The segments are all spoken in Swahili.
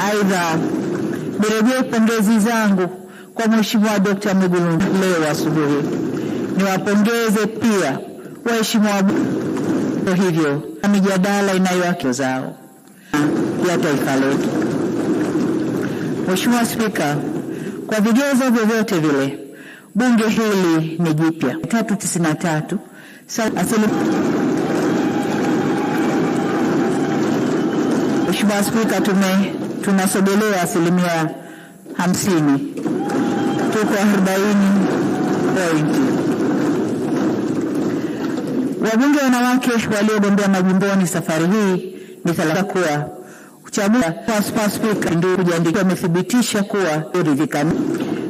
Aidha, nirejee pongezi zangu kwa Mheshimiwa Dkt. Mwigulu leo asubuhi. Niwapongeze pia waheshimiwa hivyo na mijadala inayoake zao ya taifa letu. Mheshimiwa Spika, kwa vigezo vyovyote vile bunge hili ni jipya 393 Mheshimiwa Spika, tume tunasogelea asilimia hamsini, tuko arobaini pointi. Wabunge wanawake waliogombea majumboni safari hii ni kuwa uchaguzi ndio kujiandikisha wamethibitisha kuwa ridhika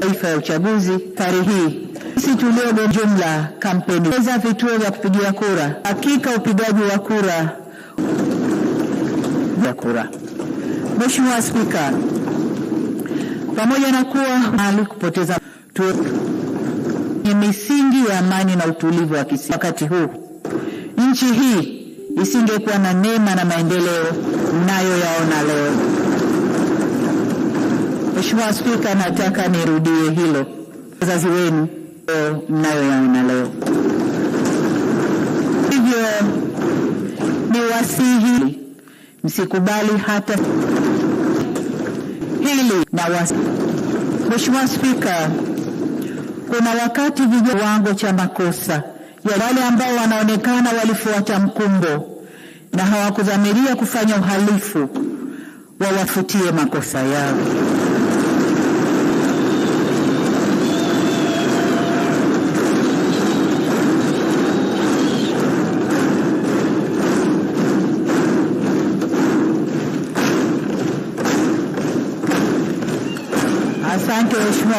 taifa ya uchaguzi safari hii sisi tulio jumla kampeni za vituo vya kupigia kura, hakika upigaji wa kura ya kura Mheshimiwa Spika, pamoja na kuwa mali kupoteza ni misingi ya amani na utulivu wa kisiasa, wakati huu nchi hii isingekuwa na neema na maendeleo mnayoyaona leo. Mheshimiwa Spika, nataka nirudie hilo, wazazi wenu mnayoyaona leo, hivyo ni wasi Msikubali hata hili na wasi. Mheshimiwa Spika, kuna wakati vijana kiwango cha makosa ya wale ambao wanaonekana walifuata mkumbo na hawakudhamiria kufanya uhalifu wawafutie makosa yao.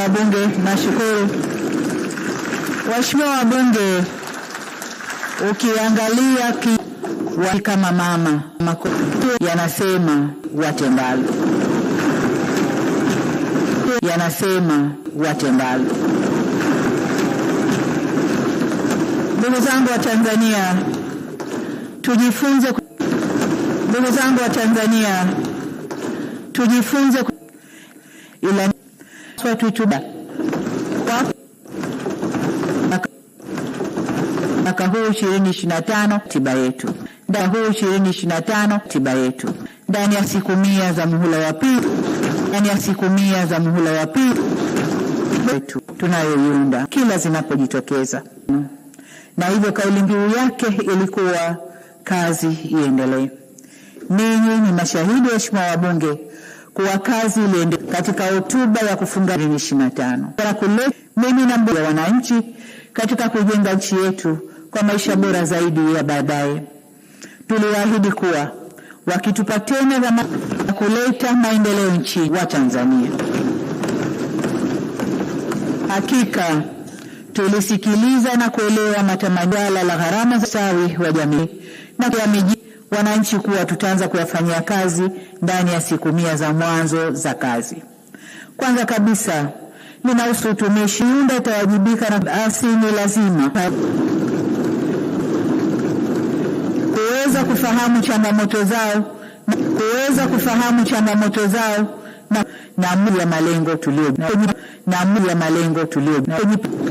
wabunge, nashukuru. Waheshimiwa wabunge, ukiangalia ki kama mama yanasema watendalo, yanasema watendalo. Ndugu zangu wa Tanzania, tujifunze. Ndugu zangu wa Tanzania, tujifunze ila soit Chuchuda mwaka huu ishirini ishirini na tano tiba yetu mwaka huu ishirini ishirini na tano tiba yetu ndani ya siku mia za muhula wa pili ndani ya siku mia za muhula wa pili wetu tunayoiunda kila zinapojitokeza na hivyo kauli mbiu yake ilikuwa kazi iendelee. Ninyi ni mashahidi, waheshimiwa wabunge, kuwa kazi iliendelea. Katika hotuba ya kufunga ishirini na tano mimi na wananchi katika kujenga nchi yetu kwa maisha bora zaidi ya baadaye, tuliwaahidi kuwa wakitupa tena dhamana kuleta maendeleo nchini wa Tanzania, hakika tulisikiliza na kuelewa matamanio la gharama za ustawi wa jamii na miji wananchi kuwa tutaanza kuyafanyia kazi ndani ya siku mia za mwanzo za kazi. Kwanza kabisa ninahusu utumishi. Nyumba itawajibika na asi, ni lazima kuweza kufahamu changamoto zao kuweza kufahamu changamoto zao na na ya malengo tulio na ya malengo tulio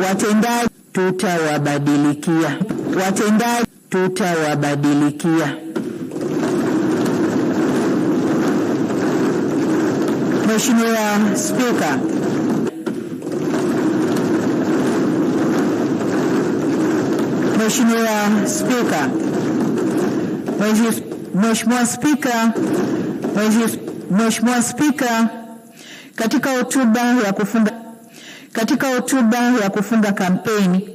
watendaji tutawabadilikia watendaji tutawabadilikia Mheshimiwa Spika, Mheshimiwa Spika, Mheshimiwa Spika, Mheshimiwa Spika, katika hotuba ya kufunga katika hotuba ya kufunga kampeni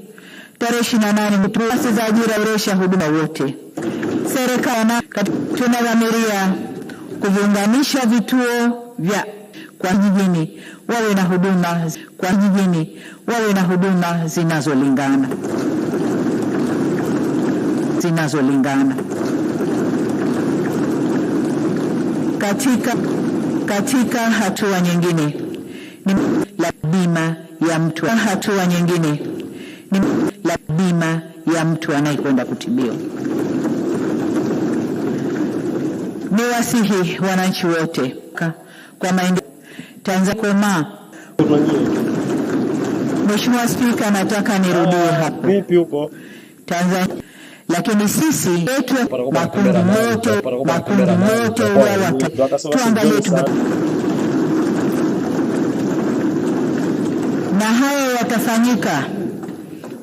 tarehe 28 nafasi za ajira uresha huduma wote. Serikali tunadhamiria kuviunganisha vituo vya kwa jijini wawe na huduma kwa jijini wawe na huduma zinazolingana zinazolingana katika, katika hatua nyingine ni la bima ya mtu. Hatua nyingine ni la bima ya mtu anayekwenda kutibiwa. Ni wasihi wananchi wote kwa maendeleo Tanzania koma. Mheshimiwa Spika, nataka nirudie ah, hapa. Vipi huko? Tanzania lakini sisi yetu makundi moto makundi moto wala tuangalie tu na hayo yatafanyika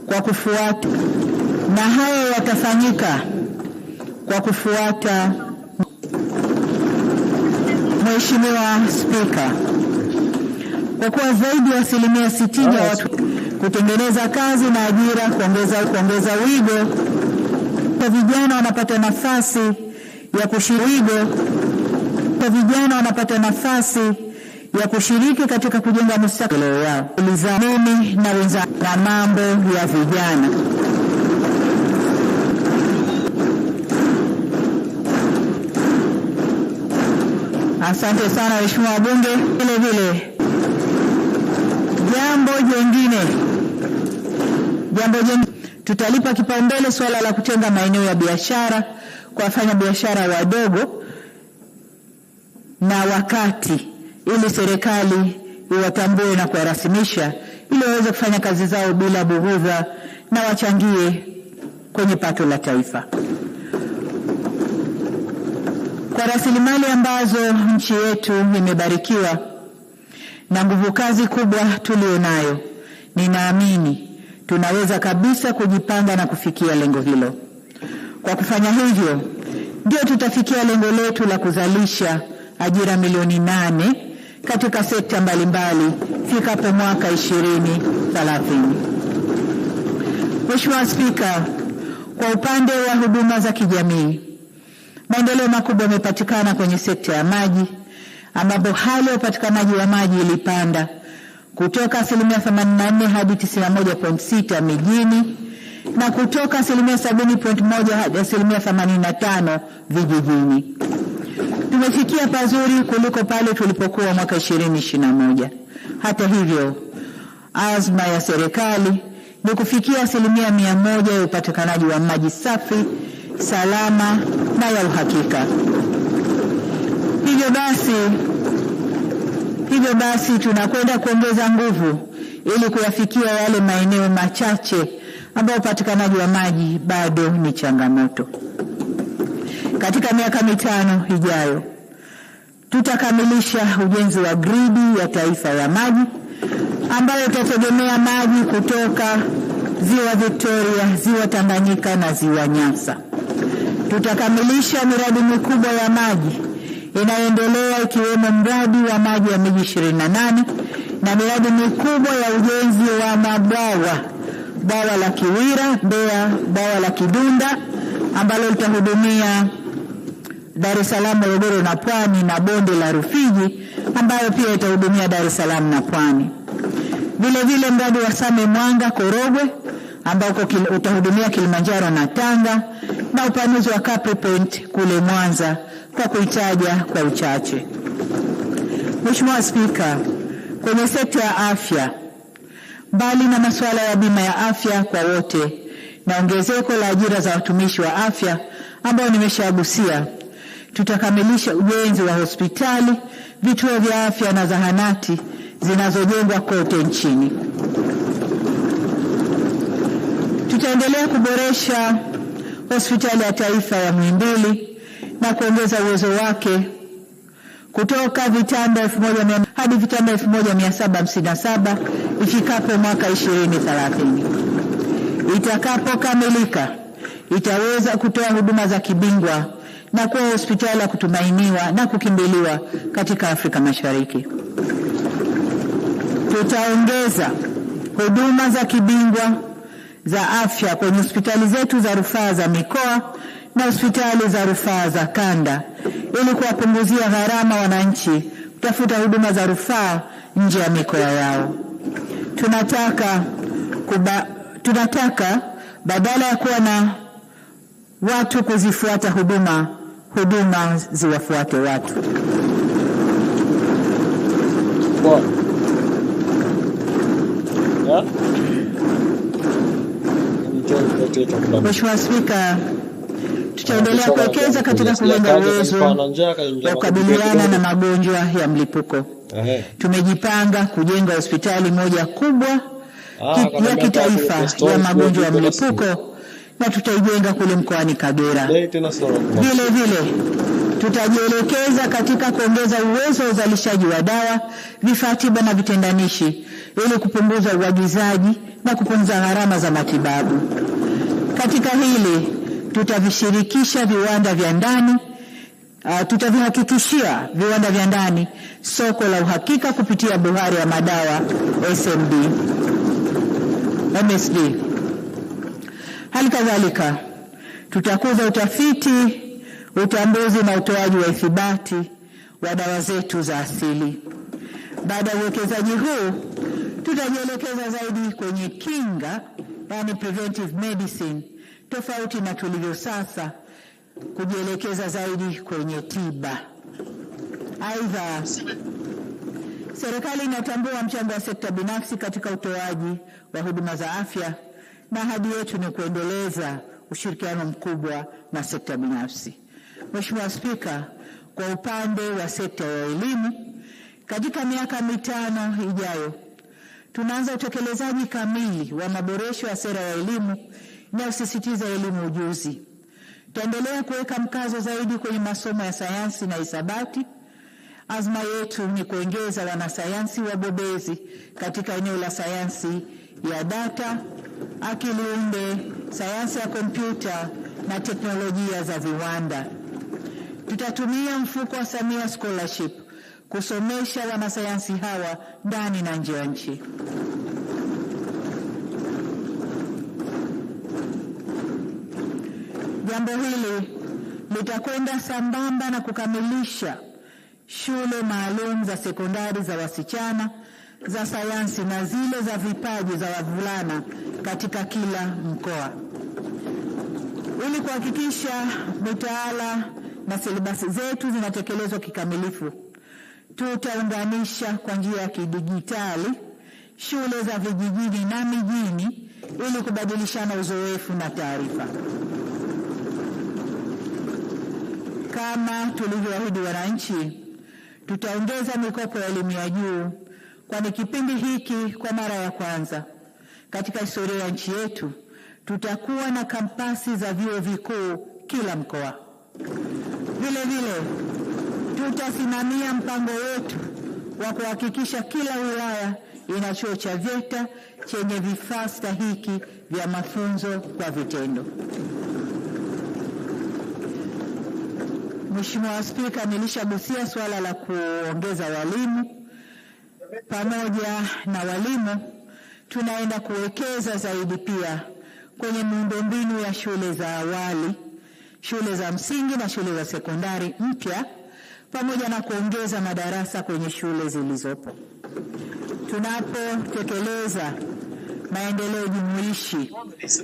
kwa kufuata na hayo yatafanyika kwa kufuata Mheshimiwa Spika kwa kuwa zaidi ya asilimia sitini ya watu kutengeneza kazi na ajira, kuongeza kuongeza wigo kwa vijana wanapata nafasi ya kushiriki kwa vijana wanapata nafasi ya kushiriki katika kujenga mustakabali wao. Mimi na wenzangu na mambo ya vijana Asante sana waheshimiwa wabunge. Vile vile Jambo jingine, jambo jingine, tutalipa kipaumbele suala la kutenga maeneo ya biashara kwa biashara wadogo na wakati, ili serikali iwatambue na kuwarasimisha ili waweze kufanya kazi zao bila bughudha na wachangie kwenye pato la taifa. Kwa rasilimali ambazo nchi yetu imebarikiwa na nguvu kazi kubwa nayo ninaamini tunaweza kabisa kujipanga na kufikia lengo hilo. Kwa kufanya hivyo, ndio tutafikia lengo letu la kuzalisha ajira milioni nane katika sekta mbalimbali fikapo mwaka 2030. Mheshimiwa Spika, kwa upande wa huduma za kijamii, maendeleo makubwa yamepatikana kwenye sekta ya maji ambapo hali ya upatikanaji wa maji ilipanda kutoka asilimia 84 hadi 91.6 mijini na kutoka asilimia 70.1 hadi asilimia 85 vijijini. Tumefikia pazuri kuliko pale tulipokuwa mwaka 2021. Hata hivyo, azma ya serikali ni kufikia asilimia mia moja ya upatikanaji wa maji safi, salama na ya uhakika. Hivyo basi hivyo basi tunakwenda kuongeza nguvu ili kuyafikia yale maeneo machache ambayo upatikanaji wa maji bado ni changamoto. Katika miaka mitano ijayo tutakamilisha ujenzi wa gridi ya taifa ya maji ambayo itategemea maji kutoka ziwa Victoria, ziwa Tanganyika na ziwa Nyasa. Tutakamilisha miradi mikubwa ya maji inayoendelea ikiwemo mradi wa maji ya miji ishirini na na miradi mikubwa ya ujenzi wa mabwawa, bwawa la Kiwira Mbeya, bwawa la Kidunda ambalo litahudumia Dar es Salaam, Morogoro na Pwani na bonde la Rufiji ambayo pia itahudumia Dar es Salaam na Pwani. Vile vile mradi wa Same Mwanga Korogwe ambako utahudumia Kilimanjaro na Tanga na upanuzi wa Capri Point kule Mwanza kwa kuitaja kwa uchache. Mheshimiwa Spika, kwenye sekta ya afya, mbali na masuala ya bima ya afya kwa wote na ongezeko la ajira za watumishi wa afya ambao nimeshagusia, tutakamilisha ujenzi wa hospitali, vituo vya afya na zahanati zinazojengwa kote nchini. Tutaendelea kuboresha hospitali ya taifa ya Muhimbili na kuongeza uwezo wake kutoka vitanda elfu moja mia hadi vitanda elfu moja mia saba hamsini na saba ifikapo mwaka ishirini thelathini. Itakapokamilika itaweza kutoa huduma za kibingwa na kuwa hospitali ya kutumainiwa na kukimbiliwa katika Afrika Mashariki. Tutaongeza huduma za kibingwa za afya kwenye hospitali zetu za rufaa za mikoa na hospitali za rufaa za kanda ili kuwapunguzia gharama wananchi kutafuta huduma za rufaa nje ya mikoa yao. Tunataka, kuba, tunataka badala ya kuwa na watu kuzifuata huduma, huduma ziwafuate watu. Mheshimiwa Spika, tutaendelea kuwekeza katika kujenga uwezo wa kukabiliana na magonjwa ya mlipuko. Tumejipanga kujenga hospitali moja kubwa ah, ya kitaifa ya magonjwa ya mlipuko na tutaijenga kule mkoani Kagera. Vile vile tutajielekeza katika kuongeza uwezo wa uzalishaji wa dawa, vifaa tiba na vitendanishi ili kupunguza uagizaji na kupunguza gharama za matibabu. Katika hili tutavishirikisha viwanda vya ndani uh, tutavihakikishia viwanda vya ndani soko la uhakika kupitia buhari ya madawa SMD, MSD. Hali kadhalika tutakuza utafiti, utambuzi na utoaji wa ithibati wa dawa zetu za asili. Baada ya uwekezaji huu, tutajielekeza zaidi kwenye kinga, yani preventive medicine tofauti na tulivyo sasa, kujielekeza zaidi kwenye tiba. Aidha, serikali inatambua mchango wa sekta binafsi katika utoaji wa huduma za afya na ahadi yetu ni kuendeleza ushirikiano mkubwa na sekta binafsi. Mheshimiwa Spika, kwa upande wa sekta ya elimu, katika miaka mitano ijayo tunaanza utekelezaji kamili wa maboresho ya sera ya elimu inayosisitiza elimu ujuzi. Tutaendelea kuweka mkazo zaidi kwenye masomo ya sayansi na hisabati. Azma yetu ni kuongeza wanasayansi wabobezi katika eneo la sayansi ya data, akili umbe, sayansi ya kompyuta na teknolojia za viwanda. Tutatumia mfuko wa Samia Scholarship kusomesha wanasayansi hawa ndani na nje ya nchi. Jambo hili litakwenda sambamba na kukamilisha shule maalum za sekondari za wasichana za sayansi na zile za vipaji za wavulana katika kila mkoa ili kuhakikisha mitaala na silibasi zetu zinatekelezwa kikamilifu. Tutaunganisha kwa njia ya kidijitali shule za vijijini na mijini ili kubadilishana uzoefu na taarifa. Kama tulivyoahidi wananchi, tutaongeza mikopo ya elimu ya juu, kwani kipindi hiki kwa mara ya kwanza katika historia ya nchi yetu tutakuwa na kampasi za vyuo vikuu kila mkoa. Vile vile tutasimamia mpango wetu wa kuhakikisha kila wilaya ina chuo cha VETA chenye vifaa stahiki vya mafunzo kwa vitendo. Mheshimiwa Spika, nilishagusia suala la kuongeza walimu. Pamoja na walimu, tunaenda kuwekeza zaidi pia kwenye miundombinu ya shule za awali, shule za msingi na shule za sekondari mpya, pamoja na kuongeza madarasa kwenye shule zilizopo tunapotekeleza maendeleo jumuishi.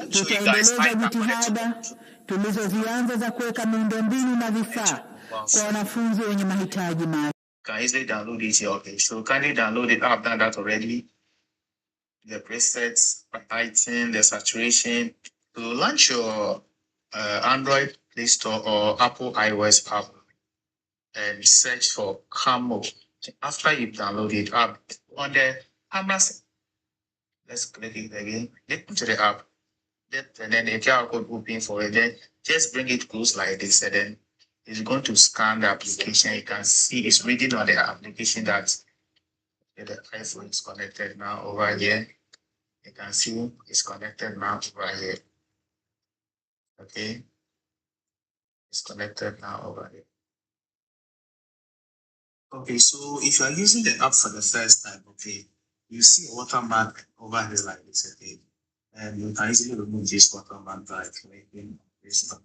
Tutaendeleza jitihada tulizozianza za kuweka miundombinu na vifaa kwa wanafunzi wenye mahitaji maalum. Can easily download it Okay, so kindly download it. I've done that already. The presets, the lighting, the saturation. To launch your uh, Android Play Store or Apple iOS app and search for Camo. After you download it up on the camera Let's click it again. Click to the app. And then the QR code open for it. Then just bring it close like this. And then it's going to scan the application. You can see it's reading on the application that the iPhone is connected now over here. You can see it's connected now over here. Okay. It's connected now over here. Okay, so if you are using the app for the first time, okay, you see a watermark over here like this, okay? And you can easily remove this watermark by clicking this button.